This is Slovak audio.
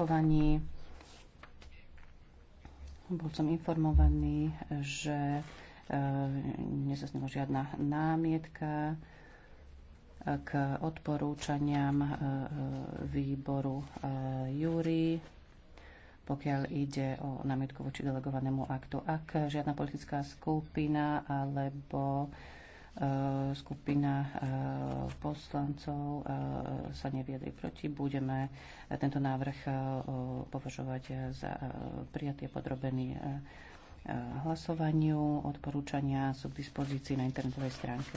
očkovaní Bol som informovaný, že e, nezaznela žiadna námietka k odporúčaniam e, výboru e, Júri, pokiaľ ide o námietku voči delegovanému aktu. Ak žiadna politická skupina alebo skupina e, poslancov e, sa neviedli proti, budeme tento návrh e, považovať za prijatý a podrobený hlasovaniu. Odporúčania sú k dispozícii na internetovej stránke